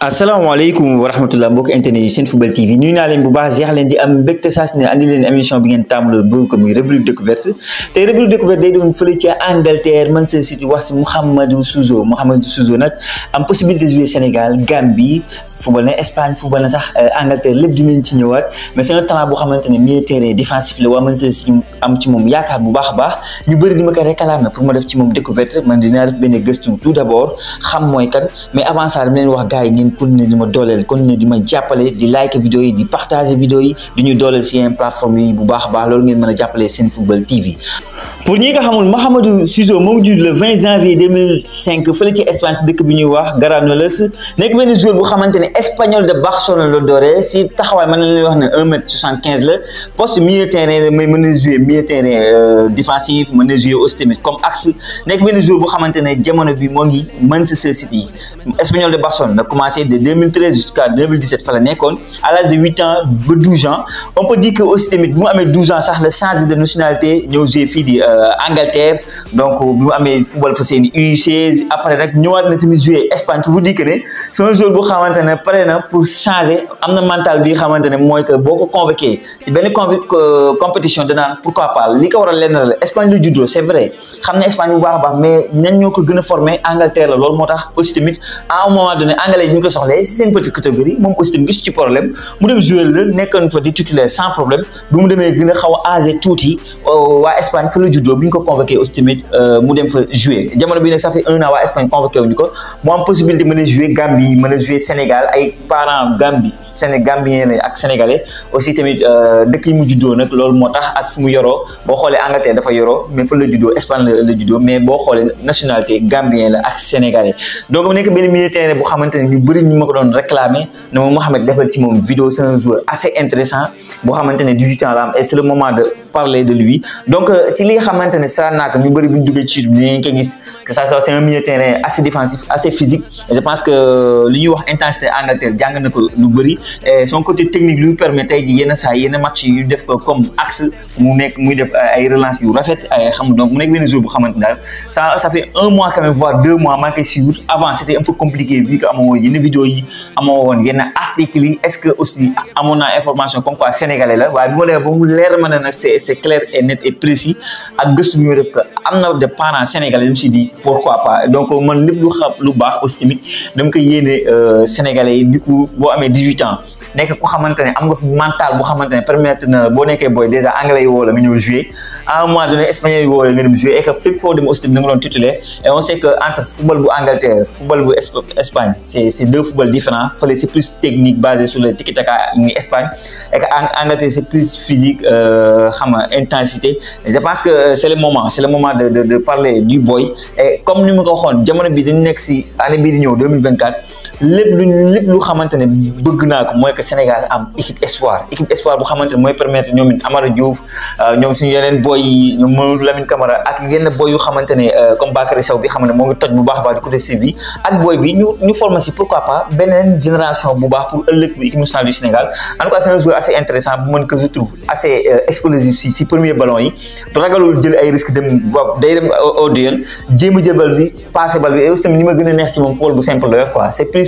asalaamaaleykum wa rahmatulah mbokk internet yi seen football TV nuyu naa leen bu baax jeex leen di am mbégte saa bi ngeen tàmbaloo bu ko muy rubrique découverte tey rubrique découverte si euh, ci ñëwaat mais c'est un talent boo xamante ne milieu terrain défensif la waa Manchester City am ci moom yaakaar bu baax a baax ñu bëri di ma ko réclamer pour ma def ci moom découverte man dinaa def benn gëstu tout d'abord xam mooy kan mais avant ça dama leen wax gars yi ngeen continuer di ma dooleel continuer di ma jàppale di like vidéo yi di partage vidéo yi di ñu dooleel si yeneen plateforme yi bu baax a baax loolu ngeen mën a jàppale Senfootball TV pour ñi nga xamul Mahamadou Suso moom le 20 janvier 2005 fële ci Espagne si dëkk bi ñuy wax Granollers nekk benn joueur bu Espagnol de Barcelone doré, dooree si taxawaay mën 1 m 75 le poste milieu terrain jouer milieu terrain euh, défensif mën a jouer aussi comme axe nekk benn joueur bu xamante ne jamono bi moo Manchester City Espagnol de Barcelone a commencé de 2013 jusqu'à 2017 fa à l'âge de 8 ans 12 ans on peut dire que aussi tamit bu 12 ans sax le changé de nationalité ñëw jouer fii di. Euh, euh, Angleterre donc euh, bi mu amee football fa seen U16 après rek ñëwaat na tamit jouer Espagne vous dire que ne c'est un joueur boo xamante ne pare na pour changer am mental bi xamante ne mooy que boo ko convoqué si benn euh, compétition danaan pourquoi pas li ko waral lenn Espagne la juddoo c'est vrai xam Espagne bu baax baax mais ñan ñoo ko gën Angleterre la loolu moo tax aussi tamit à un moment donné Angleterre bi ñu ko soxlee si seen petite catégorie moom aussi tamit gis ci problème mu dem jouer le nekkoon fa di titulaire sans problème bi mu demee gën a xaw a âgé tuuti waa Espagne fa la Petit Diop bi ñu ko convoqué aussi tamit euh, mu dem fa jouer jamono bi nag ça fait un an wa Espagne convoqué wuñu ko mo am possibilité mën jouer Gambie mën jouer Sénégal ay parents Gambie Séné ak Sénégalais aussi tamit euh, dëkk yi mu juddo nak loolu motax ak fu mu yoroo boo xoolee Angleterre dafa yoro mais fa la juddo Espagne la juddo mais bo xolé nationalité Gambien la ak Sénégalais donc mu nekk benn milieu terrain bu xamante ni ñu bëri ñu ma ko réclamer na ma Mouhamed defal ci mom vidéo c'est un joueur assez intéressant bo xamante 18 ans la am et c'est le moment de parler de lui donc euh, si li nga xamante ne que ñu bëri bu ñu duggee que ça c'est un milieu terrain assez défensif assez physique je pense que euh, li ñuy wax intensité Angleterre jàng na ko lu son côté technique lui permet tey ji yenn saa yenn match yu def comme axe mu nekk euh, relance yu rafet donc mu nekk benn jour bu ça ça fait un mois quand même voire deux mois manqué sur avant c'était un peu compliqué vu que y woon yenn vidéo yi mon woon yenn article, est-ce que aussi à mon information comme quoi sénégalais là waaye bi ma ba mu c'est c'est clair et net et précis ak gëstu que de parents sénégalais ñu ci di pourquoi pas donc man lepp lu xam lu bax aussi tamit dama koy yéene euh, sénégalais du coup bo amé 18 ans nek ko xamante am nga mental bu xamante permettre na bo boo boy déjà anglais wo la nga jouer à un moment donné espagnol wo la jouer et que flip foo dem aussi tamit da nga titulaire et on sait que entre football bu Angleterre football bu Espagne c'est c'est deux football différents fallait c'est plus technique basé sur le tiki-taka ni Espagne et que Angleterre c'est plus physique euh, euh, intensité je pense que euh, c'est le moment c'est le moment de parler du boy et comme nous nous connaissons, j'aimerais bien bi année 2024. lépp lu lépp lu xamante ne bëgg naa ko mooy que Sénégal am équipe espoir équipe espoir bu xamante mooy permettre ñoom Amara Diouf euh, ñoom suñu yeneen boy yi ñoom Mamadou Lamine Camara ak yenn boy yu xamante ne euh, comme Bakary bi xam ne toj bu baax baax di côté euh, si si premier ballon yi ragalul jël ay risques dem day dem au duel jël bal bi passé bal bi et ni ma gën a neex ci moom football bu simple la yor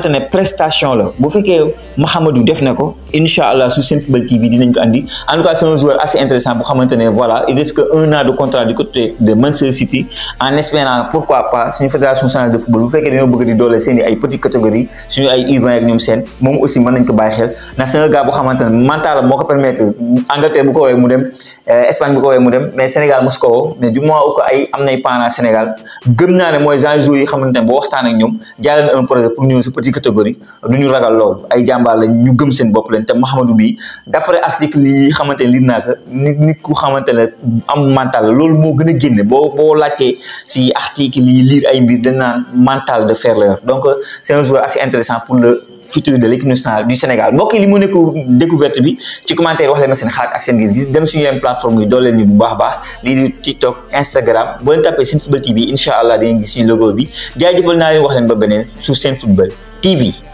xamante ne prestation la bu fekkee Mahamadou def na ko incha allah su Senfootball TV dinañ ko andi en tout cas c'est un joueur assez intéressant bu xamante ne voilà il risque un an de contrat du côté de Manchester City en espérant pourquoi pas suñu fédération centrale de football bu fekkee dañoo bëgg di doole seen i ay petites catégorie suñu ay U20 ak ñoom seen moom aussi mën nañ ko bàyyi xel ndax c'est un gars bu xamante ne mental moo ko permettre Angleterre bu ko woowee mu dem euh, Espagne bu ko woowee mu dem mais Sénégal mosu ko woo mais du moins où ay am nay parents Sénégal gëm naa ne mooy genre joueurs yi xamante ne boo waxtaan ak ñoom jàllale un projet pour ñëw si ci catégorie du ñu ragal lool ay jàmbaar la ñu gëm seen bop leen té Mouhamadou bi d'après article yi xamante li lii ko nit nit ku am mental la mo gëna gën bo bo boo ci si article li lire ay mbir dañ mental de faire la donc c'est un joueur assez intéressant pour le futur de l'équipe nationale du Sénégal moi qui li mu nekk découverte bi ci commentaire wax leen ma seen xalaat ak seen gis dem suñu plateforme yi dool leen ñu bu baax baax di TikTok Instagram boo leen tapee seen football TV incha allah dinañ gis suñu logo bi jaajëfal naa leen wax leen ba beneen sur seen football TV.